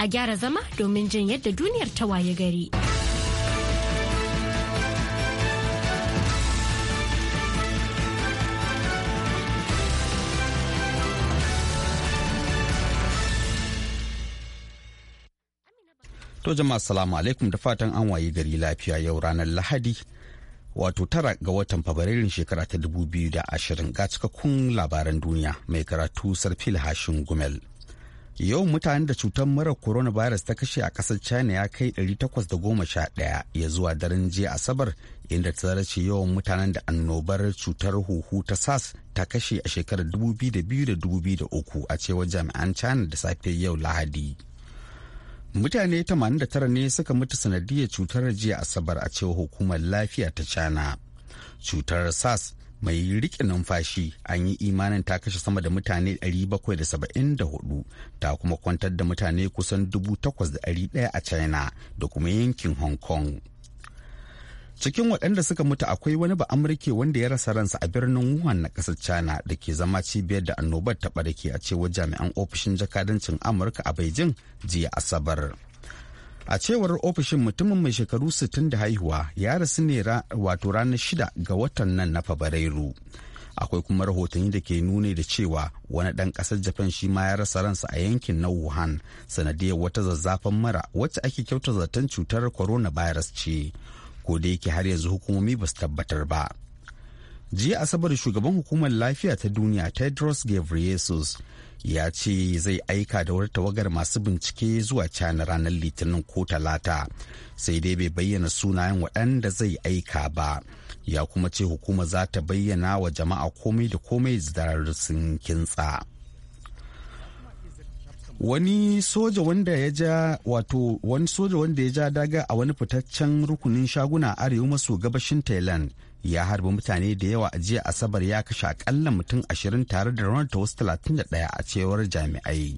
a gyara zama domin jin yadda duniyar ta waye gari. To jama'a salamu alaikum da fatan an waye gari lafiya yau ranar Lahadi wato tara ga watan Fabrairun shekara ta dubu biyu da ashirin ga cikakkun labaran duniya mai karatu Sarfil Hashin Gumel. yawan mutanen da cutar mara coronavirus ta kashe a kasar china ya kai 811 ya zuwa daren jiya asabar inda ta zarce yawan mutanen da annobar cutar huhu ta Sars ta kashe a shekarar 2002-2003 a cewar jami'an china da safe yau lahadi mutane 89 ne suka mutu sanadiyar cutar jiya asabar a cewa hukumar lafiya ta china cutar Sars. mai riƙe numfashi an yi imanin ta kashe sama da mutane 774 ta kuma kwantar da mutane kusan 8,100 a china da kuma yankin hong kong cikin waɗanda suka mutu akwai wani ba amurke wanda ya rasa ransa a birnin wuhan na ƙasar china da ke zama cibiyar da annobar ta ɓarke a cewar jami'an ofishin jakadancin amurka a beijing jiya asabar a cewar ofishin mutumin mai shekaru 60 da haihuwa ya rasu ne wato ranar shida ga watan nan na fabrairu akwai kuma rahotanni da ke nuna da cewa wani ɗan ƙasar japan shi ma ya rasa ransa a yankin na wuhan sanadiyar wata zazzafan mara wacce ake kyauta zaton cutar coronavirus ce ko da yake har yanzu hukumomi ba su tabbatar ba jiya asabar shugaban hukumar lafiya ta duniya tedros ghebreyesus ya ce zai aika da wata tawagar masu bincike zuwa cana ranar litinin ko talata sai dai bai bayyana sunayen waɗanda zai aika ba ya kuma ce hukuma za ta bayyana wa jama'a komai da komai zidarar sun kintsa wani soja wanda ya ja wato wani soja wanda ya ja daga a wani fitaccen rukunin shaguna arewa maso gabashin thailand ya harbi mutane da yawa a jiya asabar ya kashe akalla mutum ashirin tare da ranar ta wasu talatin da ɗaya a cewar jami'ai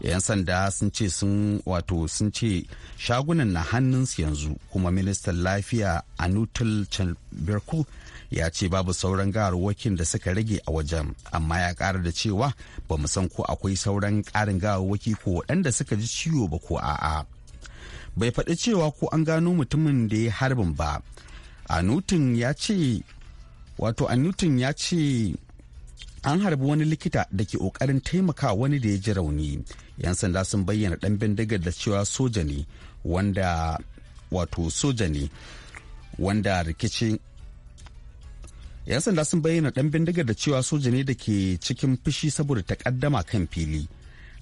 yan sanda sun ce sun wato sun ce shagunan na hannunsu yanzu kuma ministan lafiya anutul chanberku ya ce babu sauran gawarwakin da suka rage a wajen amma ya kara da cewa ba mu san ko akwai sauran karin gawarwaki ko waɗanda suka ji ciwo ba ko a'a bai faɗi cewa ko an gano mutumin da ya harbin ba anutin ya ce wato anutin ya ce an harbi wani likita da ke kokarin taimaka wani da ya ji rauni yan sanda sun bayyana dan bindigar da cewa soja ne wanda wato soja ne wanda rikici yan sanda sun bayyana dan bindigar da cewa soja ne da ke cikin fushi saboda takaddama kan fili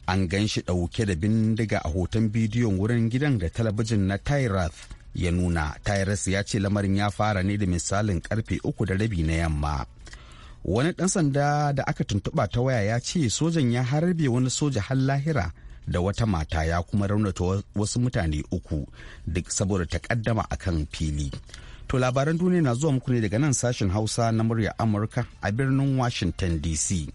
an ganshi shi dauke da bindiga a hoton bidiyon wurin gidan da talabijin na tyrath ya nuna tyrus ya ce lamarin ya fara ne da misalin karfe uku da rabi na yamma wani dan sanda da aka tuntuɓa ta waya ya ce sojan ya harbe wani soja har lahira da wata mata ya kuma raunata wasu mutane uku duk saboda takaddama akan fili to labaran duniya na zuwa muku ne daga nan sashen hausa na murya amurka a birnin washington dc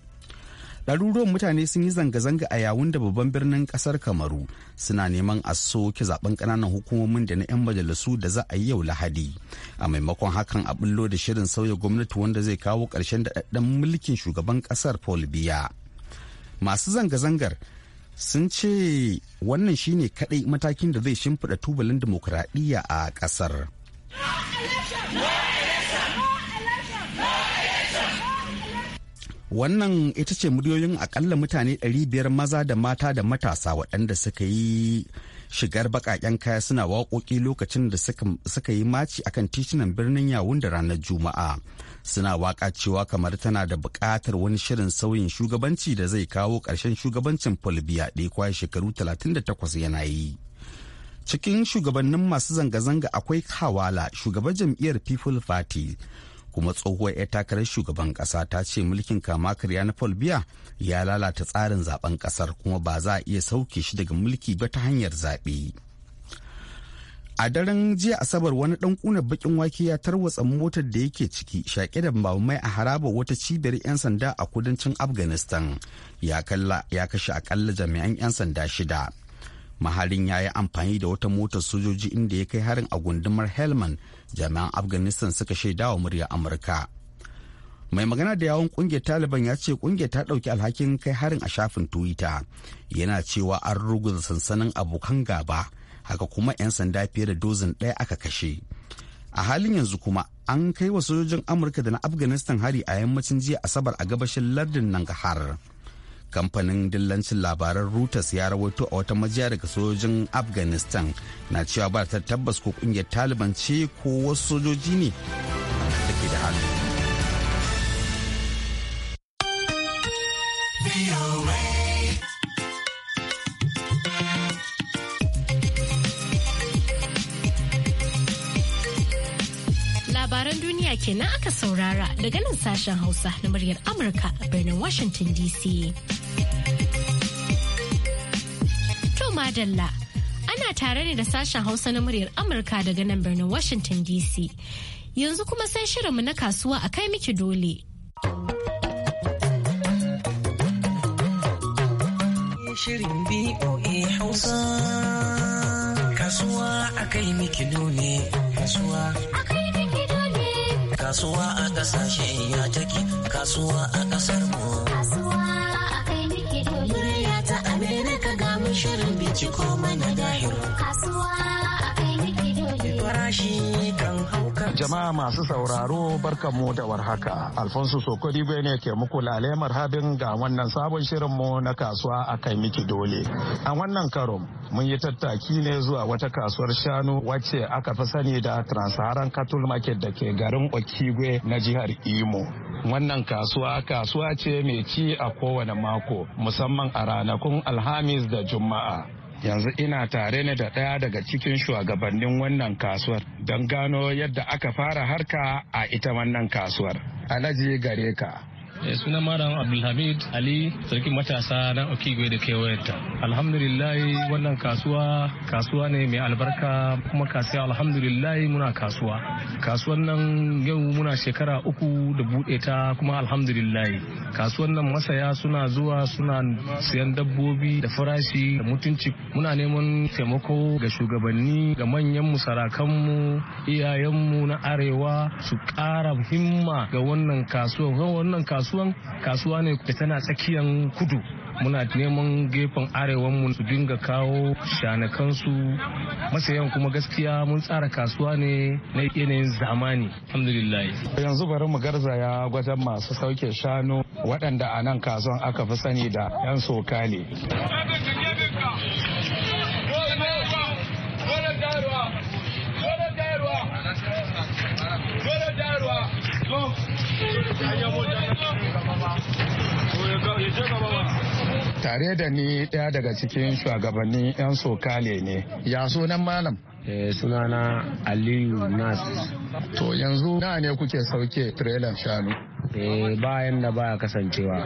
ɗaruruwan mutane sun yi zanga-zanga a yawun da babban birnin ƙasar kamaru suna neman a soke zaben ƙananan hukumomin da na 'yan majalisu da za a yi yau lahadi a maimakon hakan a bullo da shirin sauya gwamnati wanda zai kawo ƙarshen daɗaɗɗen mulkin shugaban ƙasar paul biya masu zanga-zangar sun ce wannan shine kaɗai matakin da zai shimfiɗa tubalin dimokuraɗiyya a ƙasar. wannan ita ce muryoyin akalla mutane 500 maza da mata da matasa waɗanda suka yi shigar baƙaƙen kaya suna waƙoƙi lokacin da suka yi maci akan titunan birnin yawun da ranar juma'a suna waƙa cewa kamar tana da buƙatar wani shirin sauyin shugabanci da zai kawo ƙarshen shugabancin folbiya ɗaya kwaya shekaru 38 yana yi cikin shugabannin masu zanga-zanga akwai kawala shugaban jam'iyyar people party kuma tsohuwar 'yar takarar shugaban kasa ta ce mulkin kama karya na paul ya lalata tsarin zaben kasar kuma ba za a iya sauke shi daga mulki ba ta hanyar zaɓe a daren jiya asabar wani ɗan kunar baƙin wake ya tarwatsa motar da yake ciki shaƙe da mai a haraba wata cibiyar 'yan sanda a kudancin afghanistan ya kashe akalla jami'an 'yan sanda shida mahalin ya yi amfani da wata motar sojoji inda ya kai harin a gundumar helman jami'an afghanistan suka shaida wa murya amurka mai magana da yawon kungiyar taliban ya ce kungiyar ta dauki alhakin kai harin a shafin twitter yana cewa an ruguza sansanin abokan gaba haka kuma 'yan sanda fiye da dozin ɗaya aka kashe a halin yanzu kuma an kai wa sojojin amurka da na afghanistan hari a yammacin jiya asabar a gabashin lardin nangarhar kamfanin dillancin labaran reuters ya rawaito a wata majiya daga sojojin afghanistan na cewa ba ta tabbas ko kungiyar taliban ce ko wasu sojoji ne da ke da hannu labaran duniya kenan aka saurara daga nan sashen hausa na muryar amurka a birnin washington dc To madalla ana tare ne da sashen Hausa na muryar Amurka daga nan birnin Washington DC. Yanzu kuma sai shirinmu na kasuwa a kai miki dole. Shirin BOA Hausa Kasuwa a kai miki dole Kasuwa a kai miki dole Kasuwa a kasashe ya take Kasuwa a kasar mu Jama'a masu sauraro barka barkanmu da warhaka. Alfonso Sokodigwe ne ke muku lalemar habin ga wannan sabon shirin mu na kasuwa a kai miki dole. A wannan karo mun yi tattaki ne zuwa wata kasuwar shanu wacce aka fi sani da Transharan Cattle Market da ke garin Okigwe na jihar Imo. Wannan kasuwa kasuwa ce mai ci a kowane mako musamman a ranakun Alhamis da Juma'a. yanzu ina tare ne da ɗaya daga cikin shugabannin wannan kasuwar don gano yadda aka fara harka a ita wannan kasuwar alhaji gare ka Eh, suna maran abdulhamid ali sarkin matasa na okigwe da kewayenta alhamdulillahi wannan kasuwa kasuwa ne mai albarka kuma kasuwa alhamdulillahi muna kasuwa kasuwan nan yau muna shekara uku da buɗe ta kuma alhamdulillahi kasuwan nan masaya suna zuwa suna siyan dabbobi da farashi da mutunci muna neman taimako ga shugabanni ga manyan sarakanmu iyayenmu na arewa su ƙara himma ga wannan kasuwa wannan kasuwa kasuwan kasuwa ne da tana tsakiyan kudu muna neman gefen arewan mu su dinga kawo shanakansu masayan kuma gaskiya mun tsara kasuwa ne na yanayin zamani alhamdulillah yanzu bari mu garzaya gwajen masu sauke shanu waɗanda a nan kasuwan aka fi sani da 'yan sokali Go! Tare da ni ɗaya daga cikin shugabannin 'yan sokale ne, ya sunan malam. Suna eh, sunana Aliyu Nas. To yanzu na ne kuke sauke trailer shanu. Eh, bayan da baya kasancewa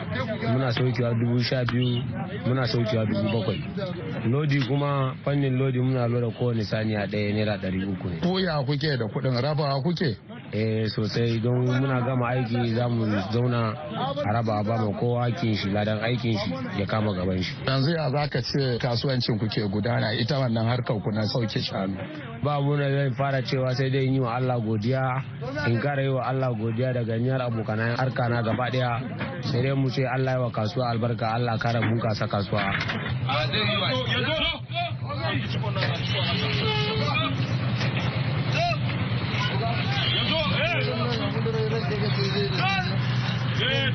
muna saukewa dubu sha biyu muna saukewa dubu bakwai lodi kuma fannin lodi muna lura kowane saniya ɗaya naira ɗari uku ne. Ko kuke da kuɗin rabawa kuke? eh sosai don muna gama aiki za mu zauna a raba a bama kowa aikin shi ladan aikin shi ya kama gaban shi yanzu ya za ka ce kasuwancin ku ke gudana ita wannan harkar ku na sauke shanu ba muna zai fara cewa sai dai yi wa Allah godiya in kara yi wa Allah godiya da ganiyar abokanan harka na gaba daya sai dai mu ce Allah ya wa kasuwa albarka Allah kara bunkasa kasuwa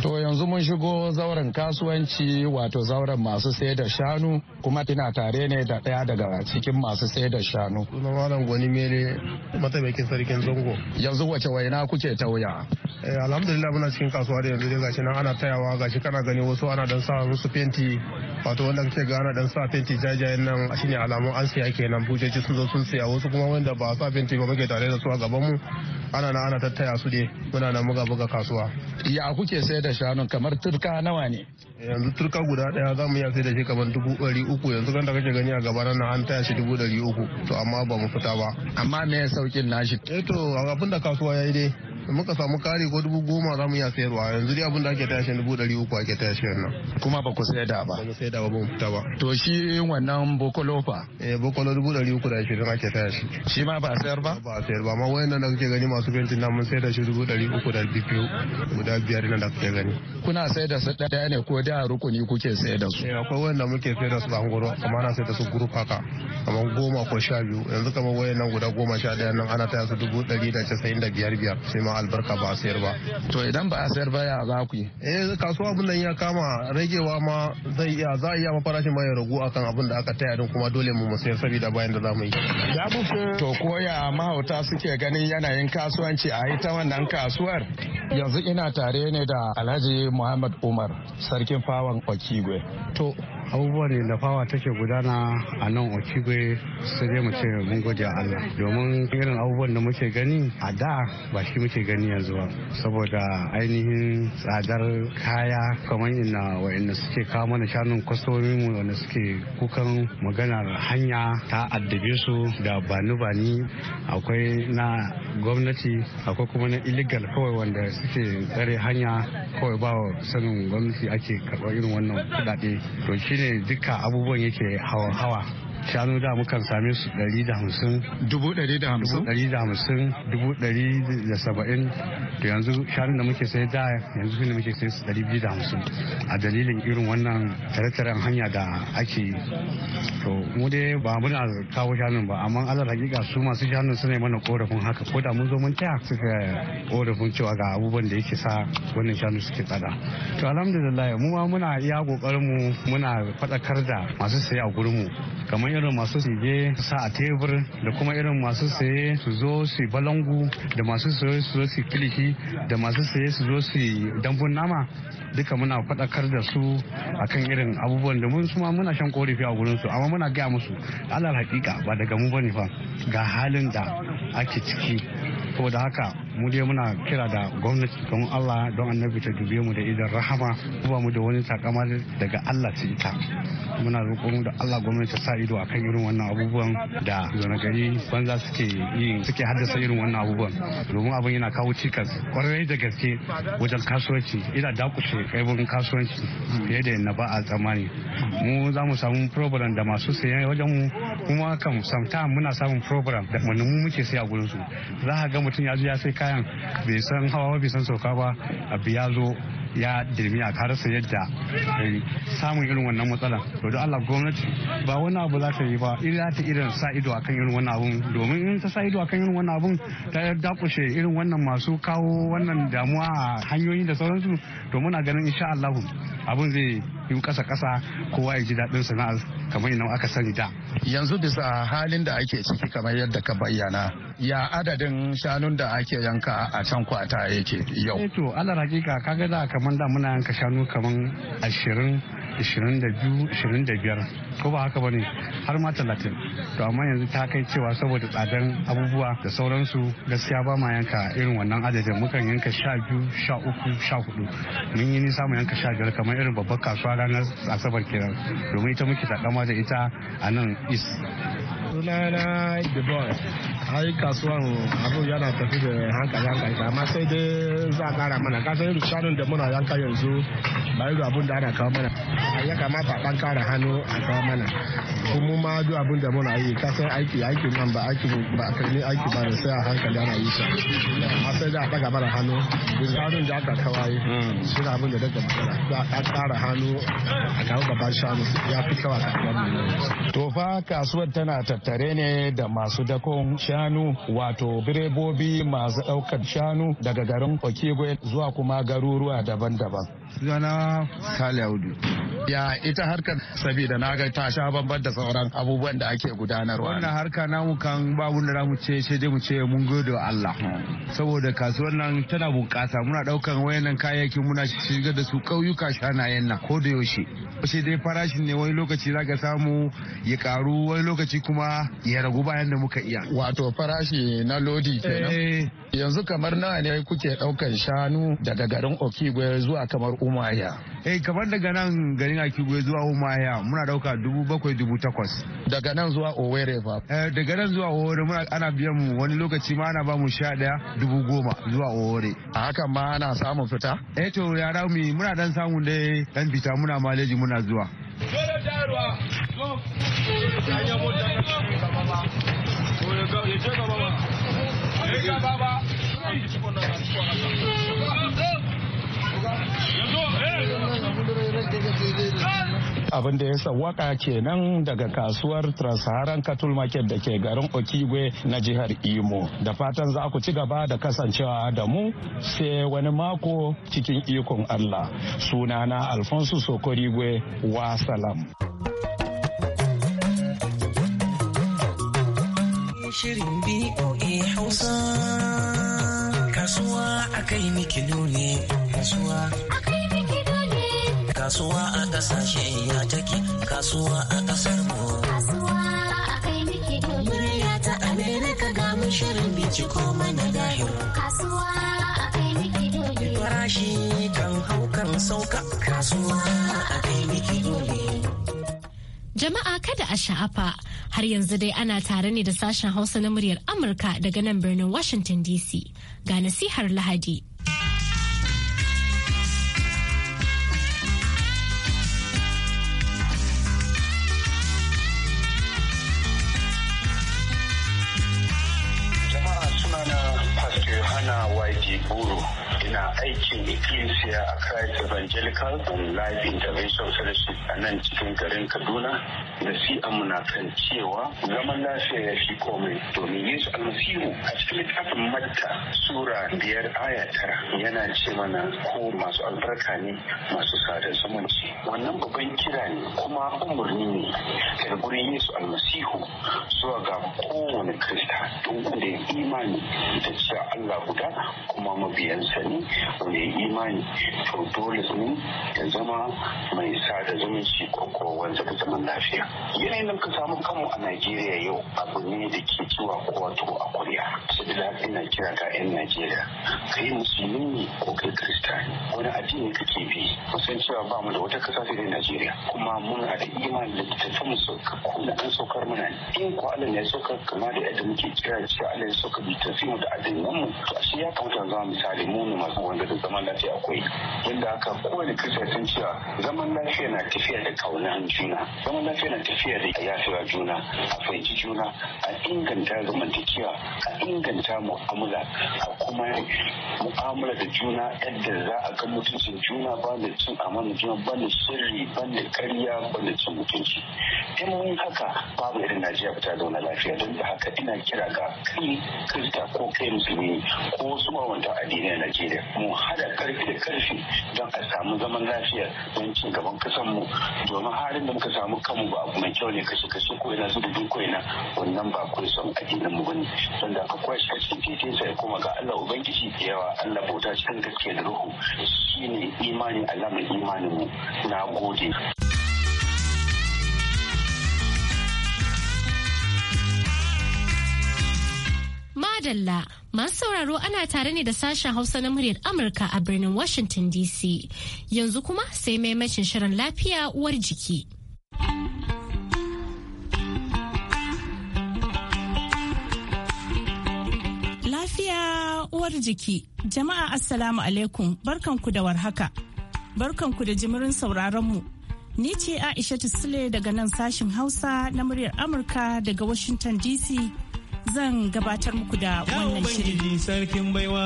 To yanzu mun shigo zauren kasuwanci wato zauren masu sayar da shanu kuma tana tare ne da ɗaya daga cikin masu sayar da shanu. Malam Gwani Mere mataimakin sarkin zango. Yanzu wace waina kuke tauya? Eh, alhamdulillah muna cikin kasuwa da yanzu dai gashi nan ana tayawa gashi kana gani wasu ana dan sa musu fenti wato wanda kake ga ana dan sa fenti jajayen nan shine alamun an siya kenan bujeji sun zo sun siya wasu kuma wanda ba sa fenti ba muke tare da su a gaban mu ana na ana tattaya su dai muna nan muga buga kasuwa ya kuke sayar da shanun kamar turka nawa ne yanzu turka guda daya za mu iya sai da shi kamar dubu ɗari uku yanzu kan da kake gani a gaba na an taya shi dubu ɗari uku to amma ba mu fita ba amma me ya saukin nashi eh to abin da kasuwa ya yi dai muka samu kari ko dubu goma za mu iya sayarwa yanzu dai abin da ake taya shi dubu ɗari uku ake taya shi nan kuma ba ku sayar da ba ba mu sayar da ba ba mu fita ba to shi wannan bokolo fa eh bokolo dubu ɗari uku da ashirin ake taya shi shi ma ba sayar ba ba sayar ba amma wayannan da kake gani masu fentin nan mun sayar da shi dubu ɗari uku da biyu guda biyar nan da kake gani kuna sayar da su ɗaya ne ko jihar rukuni kuke sayar da su eh, akwai wanda muke sayar da su bangoro amma ana sayar da su group haka kamar goma ko sha biyu yanzu kamar wayan nan guda goma sha daya nan ana taya su dubu ɗari da casa'in da biyar biyar sai ma albarka ba a sayar ba to idan ba a sayar ba ya za ku yi eh kasuwa abin nan ya kama ragewa ma zai iya za a iya ma farashin ma ya ragu akan abin da aka taya din kuma dole mu sayar saboda bayan da za mu yi to koya mahauta suke ganin yanayin kasuwanci a ita wannan kasuwar yanzu ina tare ne da alhaji muhammad umar sarkin fawan okigwe to abubuwan lafawa take gudana a nan okigwe sai dai mu ce mun gode allah domin irin abubuwan da muke gani a da ba shi muke gani yanzu ba saboda ainihin tsadar kaya kamar ina wa'inda suke kawo mana shanun kwastomi mu wanda suke kukan maganar hanya ta addabe su da bani-bani akwai na gwamnati akwai kuma na illegal kawai wanda suke tsare hanya kawai ba sanin gwamnati ake karɓar irin wannan kuɗaɗe to shi shine duka abubuwan yake hawa shanu da mukan same su 150 150 to yanzu shanu da muke sai da yanzu su ne muke sai su 250 a dalilin irin wannan tare hanya da ake yi to mu dai ba muna kawo shanu ba amma alal hakika su masu shanun suna mana korafin haka ko da mun zo mun taya suka korafin cewa ga abubuwan da yake sa wannan shanu suke tsada to alhamdulillah mu ma muna iya kokarin mu muna fadakar da masu sai a gurin mu kamar kamar irin masu sige su sa a tebur da kuma irin masu saye su zo su balangu da masu saye su zo su kiliki da masu saye su zo su dambun nama duka muna faɗakar da su akan irin abubuwan da mun suma muna shan korafi a gurin su amma muna gaya musu alal hakika ba daga mu bane fa ga halin da ake ciki saboda haka mu dai muna kira da gwamnati don Allah don annabi ta dube mu da idan rahama kuma mu da wani takama daga Allah su ita muna roƙon da Allah gwamnati ta sa ido akan irin wannan abubuwan da zuwa gari banza suke yi suke haddasa irin wannan abubuwan domin abin yana kawo cikas kwarai da gaske wajen kasuwanci ina dakushe kaibin kasuwanci fiye da na ba a tsammani mu za mu samu program da masu sayan wajen mu kuma kan samta muna samun program da mun muke sai a gurin su za ka ga mutum ya zo ya sai kayan bai san hawa bai san sauka ba abu ya zo ya dirmi a karasa yadda eh, samun irin wannan matsalan to don allah gwamnati ba wani abu za ta yi ba irin ta irin sa ido akan irin wannan abun domin in ta sa ido akan irin wannan abun ta dakushe irin wannan masu kawo wannan damuwa a da sauransu to muna ganin insha allah abun zai yin kasa kasa kowa ya ji daɗin sana'ar kamar yadda aka sani da yanzu bisa halin da ake ciki kamar yadda ka bayyana ya adadin shanun da ake yanka a can kwata yake yau Eto eh ala hakika kaga da kamar da muna yanka shanu kamar ashirin 22-25 ko ba haka bane har ma talatin to amma yanzu ta kai cewa saboda tsadan abubuwa da sauransu gaskiya ba ma yanka irin wannan adadin mukan yanka 12-13-14 mun yi nisa mu yanka sha 15 kamar irin babbar kasuwa ranar asabar kenan domin ita muke takama da ita a nan is sunana the boy ai kasuwan abu yana tafi da hankali hankali amma sai dai za a kara mana ka san shanun da muna yanka yanzu ba irin abun da ana kawo mana ya kamata a kara hannu a kawo mana kuma ma duk abun da muna yi ka aiki aiki nan ba aiki ba karni aiki ba da sai a hankali ana yi sa amma sai da a daga mana hannu duk shanun da aka kawai shi da abun da daga magana a kara hannu a kawo babban shanu ya fi kawa kasuwar to kasuwar tana ta tare ne da masu dakon shanu wato birebobi masu ɗaukar shanu daga garin okigwe zuwa kuma garuruwa daban-daban sunana sale audu ya ita harkar saboda na ga ta sha bamban da sauran abubuwan da ake gudanarwa wannan harka namu kan babu da mu ce sai mu ce mun gode Allah saboda kasuwar nan tana bunƙasa muna daukan wayannan kayayyakin muna shiga da su ƙauyuka shanayen nan ko da yaushe sai dai farashin ne wani lokaci zaka samu ya karu wani lokaci kuma ya ragu bayan da muka iya wato farashi na lodi kenan eh. yanzu kamar nawa ne kuke daukan shanu daga garin Okigwe zuwa kamar umaya eh kamar daga nan garin akigwe zuwa umaya muna dauka dubu bakwai dubu takwas daga nan zuwa owere ba daga nan zuwa owere muna ana biyan mu wani lokaci ma ana ba mu sha daya dubu goma zuwa owere a haka ma ana samun fita eh to yara mu muna dan samun dai dan fita muna maleji muna zuwa Ya je gaba ba. Ya je gaba ba. abin da ya sawaka kenan daga kasuwar Transharan Cattle Market da ke garin Okigwe na jihar Imo. Da fatan za ku ci gaba da kasancewa da mu sai wani mako cikin ikon Allah. Sunana Alfonso Sokorigwe wa salam. Shirin BOA Hausa. Kasuwa a kai miki nuni, kasuwa a kai miki nuni. Kasuwa a ƙasashe ya take, kasuwa a ƙasar mu. Kasuwa a kai miki nuni. Murya ta Amerika ga mun shirin binciko mana gahir. Kasuwa a kai miki nuni. Farashi kan hau kan sauka, kasuwa a kai miki nuni. Jama'a kada a sha'afa. Har yanzu dai ana tare ne da sashen Hausa na muryar Amurka daga nan birnin Washington DC. Ga nasihar Lahadi. aikin Ecclesia a Christ Evangelical and Life Intervention Fellowship a nan cikin garin Kaduna da si amuna kan cewa zaman lafiya ya fi komai domin Yesu Almasihu a cikin littafin Matta Sura biyar aya tara yana ce mana ko masu albarka ne masu sadar zumunci wannan babban kira ne kuma umarni ne daga gurin Yesu Almasihu zuwa ga kowane Kirista don wanda imani da cewa Allah guda kuma mabiyansa ne mai imani to dole ne ta zama mai sa da zumunci ko ko wanda ta zaman lafiya yanayin da ka samu kanmu a najeriya yau abu ne da ke zuwa ko wato a kuriya saboda ina kira ga 'yan najeriya kai musulmi ne ko kai kristani wani addini ke bi musan cewa ba mu da wata kasa sai dai najeriya kuma muna da imani da tafi mu sauka ko an saukar mana in ko allah ne saukar kama da yadda muke kira cewa allah ya saukar bi tafi mu da addinin mu to ashe ya kamata zama misali mu ne masu wani da zaman lafiya akwai yadda aka kowane kirista sun cewa zaman lafiya na tafiya da kaunan juna zaman lafiya na tafiya da yafewa juna a fahimci juna a inganta zamantakewa a inganta mu'amala a kuma mu'amala da juna yadda za a ga mutuncin juna ba da cin amana juna ba da sirri ba da karya ba da cin mutunci in mun haka babu irin najeriya ba ta zauna lafiya don da haka ina kira ga kai kirista ko kai musulmi ko su mawanta na najeriya mu mu hada karfi da karfi don a samu zaman lafiya don ci gaban kasan mu domin harin da muka samu kanmu ba abu mai kyau ne kashe kashe ko ina zubi duk ko ina wannan ba kai son addinin mu bane don da ka kwashi ka cikin titin sai kuma ga Allah ubangiji yawa Allah bauta cikin gaske da ruhu shine imani Allah mai imanin mu na gode madalla masu sauraro ana tare ne da sashen hausa na muryar amurka a birnin washington dc yanzu kuma sai maimacin shirin lafiya uwar jiki lafiya uwar jiki jama'a assalamu alaikum barkanku da warhaka barkanku da jimirin sauraronmu Ni ce Aisha Sule daga nan sashin Hausa na muryar Amurka daga Washington DC zan gabatar muku da wannan shirin. sarkin baiwa.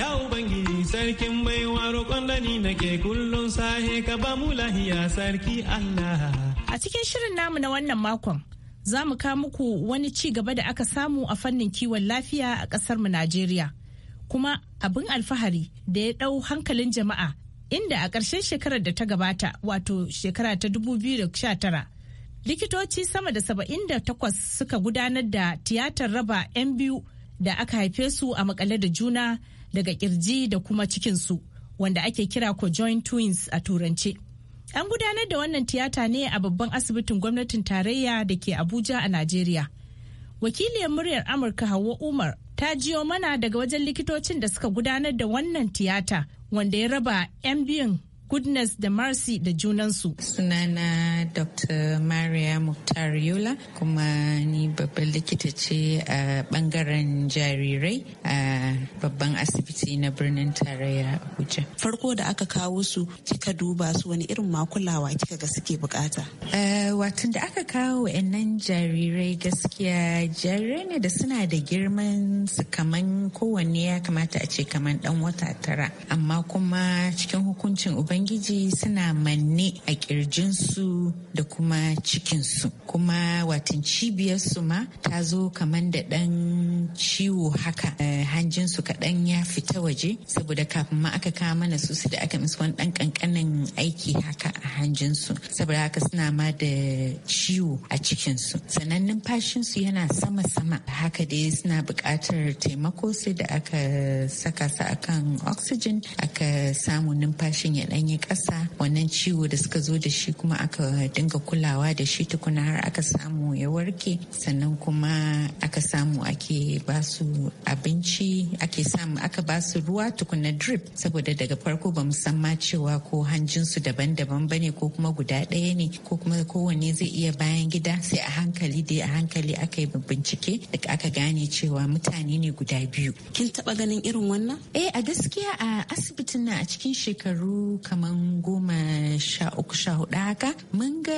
Ya Ubangiji sarkin baiwa roƙon da ni nake kullum sahe ka ba mu lahiya sarki Allah. A cikin shirin namu na wannan makon, za mu kawo muku wani ci gaba da aka samu a fannin kiwon lafiya a ƙasar mu Najeriya. Kuma abin alfahari da ya ɗau hankalin jama'a inda a ƙarshen shekarar da ta gabata wato shekara ta 2019 likitoci sama da saba'in da 78 suka gudanar da tiyatar raba 'yan biyu da aka haife su a makale da juna daga kirji da kuma cikinsu wanda ake kira ko joint twins a turance an gudanar da wannan tiyata ne a babban asibitin gwamnatin tarayya da ke abuja a najeriya wakiliyar muryar amurka hawa umar ta jiyo mana daga wajen likitocin da suka gudanar da wannan tiyata wanda ya raba 'yan biyun goodness da mercy da junansu. sunana dr maria muktar yola kuma ni babban likita ce a bangaren jarirai a babban asibiti na birnin tarayya abuja farko da aka kawo su kika duba su wani irin makulawa kika ga suke bukata watan da aka kawo wa'annan jarirai gaskiya jarirai ne da suna da girman su kaman kowanne ya kamata a ce kaman dan wata tara amma kuma cikin hukuncin uba ubangiji suna manne a kirjinsu da kuma cikinsu kuma watan cibiyarsu ma ta zo kamar da ɗan ciwo haka eh, hanjinsu kaɗan ya fita waje saboda kafin ma aka kawo mana su su da aka musu wani ɗan ƙanƙanin aiki haka a hanjinsu saboda haka suna ma da ciwo a cikinsu sannan numfashinsu yana sama-sama haka dai suna buƙatar taimako sai da aka saka su akan oxygen aka samu numfashin ya ɗan yakan ƙasa wannan ciwo da suka zo da shi kuma aka dinga kulawa da shi tukuna har aka samu ya warke sannan kuma aka samu ake su abinci ake samu aka basu ruwa tukuna drip saboda daga farko ba san ma cewa ko hanjinsu daban-daban bane ko kuma guda ɗaya ne ko kuma kowanne zai iya bayan gida sai a hankali dai a hankali aka yi bincike da aka gane cewa mutane ne guda biyu kin taba ganin irin wannan eh a gaskiya a asibitin na a cikin shekaru kaman goma sha uku sha hudu haka mun ga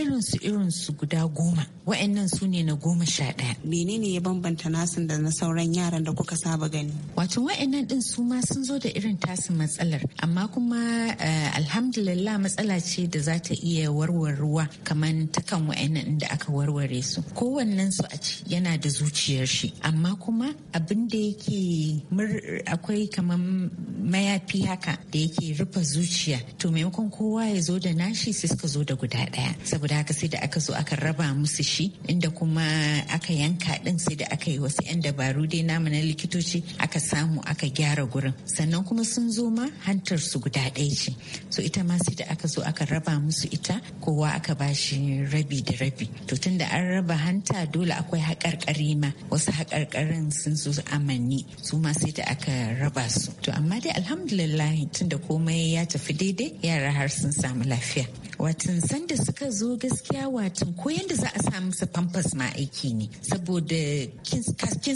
irinsu irinsu guda goma wa'annan su ne na goma sha ɗaya. menene ya bambanta nasin da na sauran yaran da kuka saba gani wato wa'annan din su ma sun zo da irin tasin matsalar amma kuma eh, alhamdulillah matsala ce da za ta iya warwarewa kamar takan wa'annan inda aka warware su kowannen su a ci yana da zuciyar shi amma kuma abin da yake akwai kamar mayafi haka da yake rufe zuciya zuciya to maimakon kowa ya zo da nashi sai suka zo da guda ɗaya saboda haka sai da aka zo aka raba musu shi inda kuma aka yanka ɗin sai da aka yi wasu 'yan dabaru dai namu na likitoci aka samu aka gyara gurin sannan kuma sun zo ma hantar su guda ɗaya ce so ita ma sai da aka zo aka raba musu ita kowa aka ba shi rabi da rabi to tunda an raba hanta dole akwai haƙarƙari ma wasu haƙarƙarin sun zo amanni su ma sai da aka raba su to amma dai alhamdulillah tunda komai ya tafi daidai yara har sun samu lafiya watan sanda suka zo gaskiya watan ko yanda za a sa musu pampers ma aiki ne saboda kin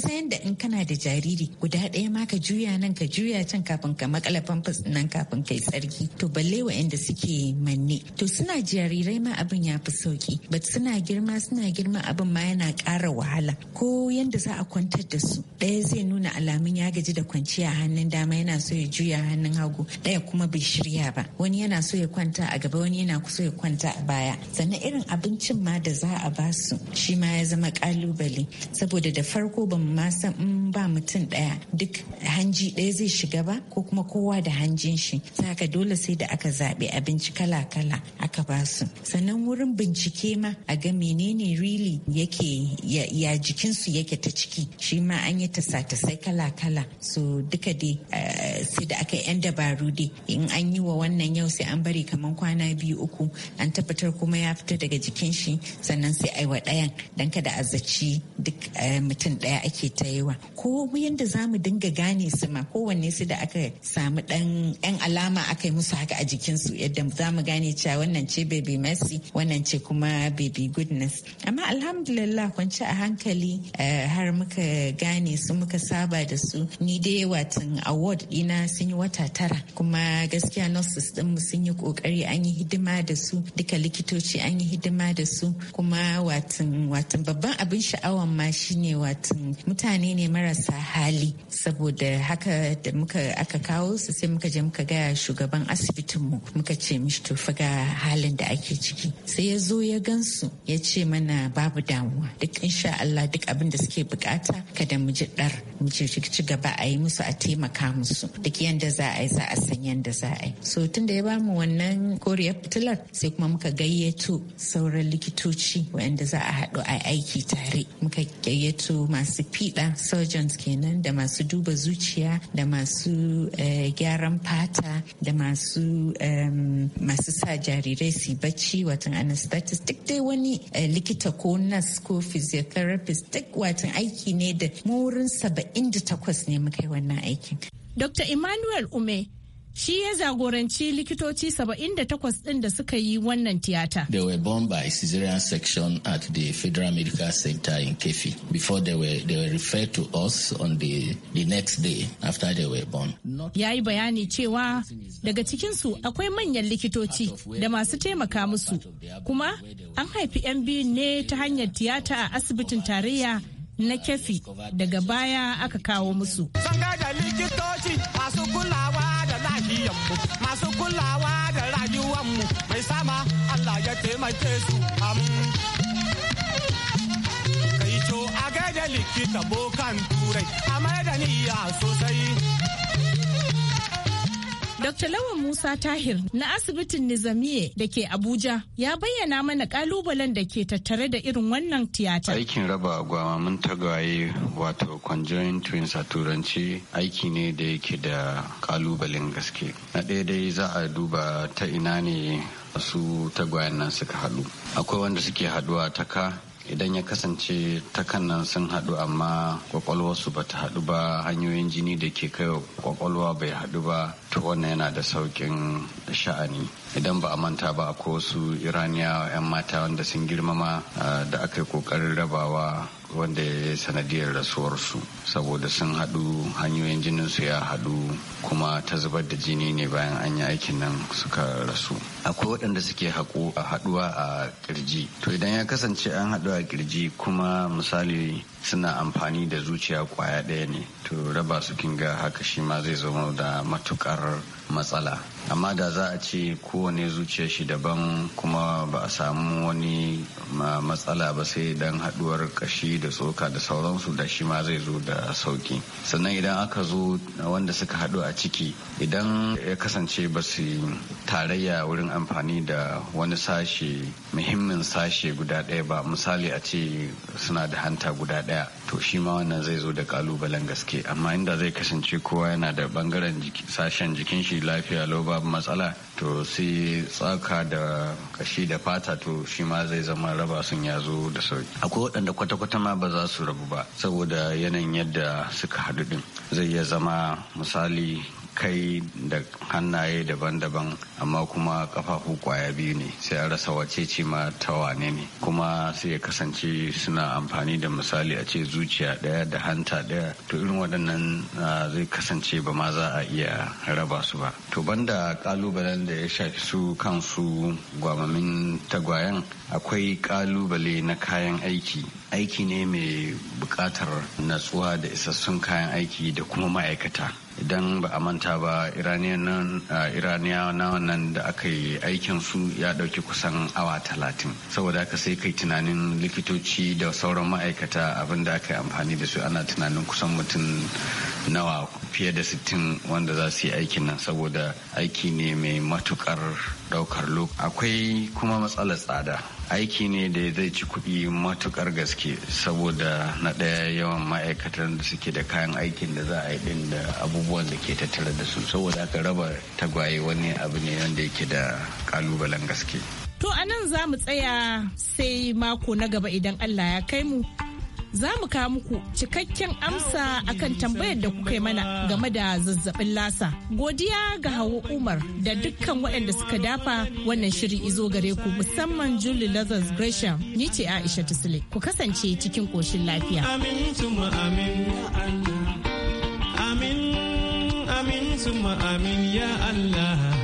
san yadda in kana da jariri guda ɗaya ma ka juya nan ka juya can kafin ka makala pampers nan kafin ka yi tsarki to balle wa'anda suke manne to suna jarirai ma abin ya fi sauki but suna girma suna girma abin ma yana ƙara wahala ko yadda za a kwantar da su ɗaya zai nuna alamun ya gaji da kwanciya hannun dama yana so ya juya hannun hagu ɗaya kuma bai shirya ba wani yana so ya kwanta a gaba wani yana so ya kwanta a baya sannan irin abincin ma da za a ba su shi ma ya zama kalubale saboda da farko ba mu ma san in ba mutum daya duk hanji ɗaya zai shiga ba ko kuma kowa da hanjin shi saka dole sai da aka zaɓi abinci kala-kala aka ba su sannan wurin bincike ma a ga menene really yake ya jikinsu yake ta ciki shi ma an yi tasa-tasai kala-kala so duka dai eh, sai da aka yi 'yan dabaru dai in an yi wa wannan yau sai an bari kamar kwana biyu uku an tabbatar kuma ya fita daga jikin shi sannan sai aiwa ɗayan dan kada a zaci duk eh, mutum ɗaya ake ta yawa ko yanda za mu dinga gane su ma kowanne su da aka samu ɗan yan alama aka yi musu haka a jikin su yadda za mu gane cewa wannan ce baby mercy wannan ce kuma baby goodness amma alhamdulillah kwanci a hankali eh, har muka gane su muka saba da su ni dai watan award dina sun yi wata tara kuma gaskiya gaskiya nurses mu sun yi kokari an yi hidima da su duka likitoci an yi hidima da su kuma watan watan babban abin sha'awan ma shine watan mutane ne marasa hali saboda haka da muka aka kawo su sai muka je muka gaya shugaban asibitin mu muka ce mishi to ga halin da ake ciki sai ya zo ya gansu ya ce mana babu damuwa duk insha Allah duk abin da suke bukata kada mu ji dar mu ci gaba a yi musu a taimaka musu duk yanda za a yi za a san yanda za ai so tun da ya bamu wannan koriyar fitilar sai kuma muka gayyato sauran likitoci waɗanda za a haɗu a aiki tare muka gayyato masu fiɗa surgeons kenan da masu duba zuciya da masu eh, gyaran fata da masu masu sa jarirai su bacci watan anesthetist duk dai wani eh, likita ko nas ko physiotherapist duk watan aiki ne da mu wurin saba'in da takwas ne muka yi wannan aikin. Dr. Emmanuel Ume Shi ya jagoranci likitoci 78 ɗin da suka yi wannan tiyata. They were born by caesarean section at the Federal Medical Center in Kefi before they were, they were referred to us on the, the next day after they were born. Ya yi bayani cewa daga cikinsu akwai manyan likitoci da masu taimaka musu kuma an haifi 'yan biyu ne ta hanyar tiyata a asibitin tarayya na kefi daga baya aka kawo musu. Sanga da likitoci masu kulawa da lahiyanmu, masu kulawa da mu mai sama Allah ya taimake su Kai co a gaida likita bokan turai, a mai da niyya sosai. Dr. Lawan Musa Tahir na asibitin Nizamiye da ke Abuja ya bayyana mana kalubalen da ke tattare da irin wannan tiyata. Aikin raba gwamamin tagwaye wato conjoined twins a turanci aiki ne da yake da kalubalen gaske. Na ɗaya dai za a duba ta ina ne su tagwayen nan suka haɗu. Akwai wanda suke haɗuwa ta ka idan ya kasance takan nan sun haɗu amma kwakwalwarsu ba ta haɗu ba hanyoyin jini da ke kai kwakwalwa bai haɗu ba to wannan yana da sauƙin sha'ani idan ba a manta ba akwai wasu iraniya 'yan mata wanda sun girmama ah, da aka yi ƙoƙarin rabawa wanda ya yi sanadiyar rasuwarsu saboda sun haɗu hanyoyin jinin su ya haɗu kuma ta zubar da jini ne bayan an yi aikin nan suka rasu akwai waɗanda suke haɗuwa a kirji to idan ya kasance an haɗu a kirji kuma misali suna amfani da zuciya kwaya ɗaya ne to raba su kinga haka shi ma zai zama da matuƙar matsala amma da za a ce kowane zuciya shi daban kuma ba a samu wani matsala ba sai dan haduwar kashi da tsoka da sauransu da shi ma zai zo da sauki sannan idan aka zo wanda suka hadu a ciki idan ya kasance ba su tarayya wurin amfani da wani sashe muhimmin sashe guda ɗaya ba misali a ce suna da hanta guda ɗaya to shi ma wannan zai zo da kalubalen gaske amma inda zai kasance kowa yana da bangaren sashen jikin shi lafiya lau babu matsala to sai tsaka da kashi da fata to shi ma zai zama raba sun ya zo da sauki akwai waɗanda kwata-kwata ma ba za su rabu ba saboda yanayin yadda suka haɗu din zai iya zama misali kai da hannaye daban-daban amma kuma kafafu kwaya biyu ne sai a rasa wace ce ma ta wane ne kuma sai ya kasance suna amfani da misali a ce zuciya ɗaya da hanta ɗaya to irin waɗannan zai kasance ba ma za a iya raba su ba to banda kalubalen da ya shafi su kansu gwamamin tagwayen akwai kalubale na kayan aiki aiki ne mai bukatar natsuwa da isassun kayan aiki da kuma ma'aikata idan ba a manta ba iraniya na wannan da aka yi aikin su ya ɗauki kusan awa talatin saboda haka sai kai tunanin likitoci da sauran ma'aikata abin da aka yi amfani da su ana tunanin kusan mutum nawa fiye da sittin wanda za su yi aikin nan saboda aiki ne mai matukar ɗaukar lokaci akwai kuma matsalar tsada aiki ne da zai ci kuɗi matukar gaske saboda na ɗaya yawan ma'aikatan da suke da kayan aikin da za a yi ɗin da abubuwan da ke tattare da su saboda aka raba tagwaye wani abu ne wanda yake da ƙalubalen gaske. To a nan za mu tsaya sai mako na gaba idan Allah ya kai mu za mu kawo muku cikakken amsa akan tambayar da kuka yi mana game da zazzabin lasa. Godiya ga Hawa Umar da dukkan waɗanda suka dafa wannan shiri izo gare ku musamman Julie Lazarus Gresham ni ce Aisha Tusle. Ku kasance cikin ƙoshin lafiya. Amin amin Amin amin ya Allah.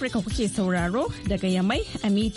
Afirka kuke sauraro daga Yamai a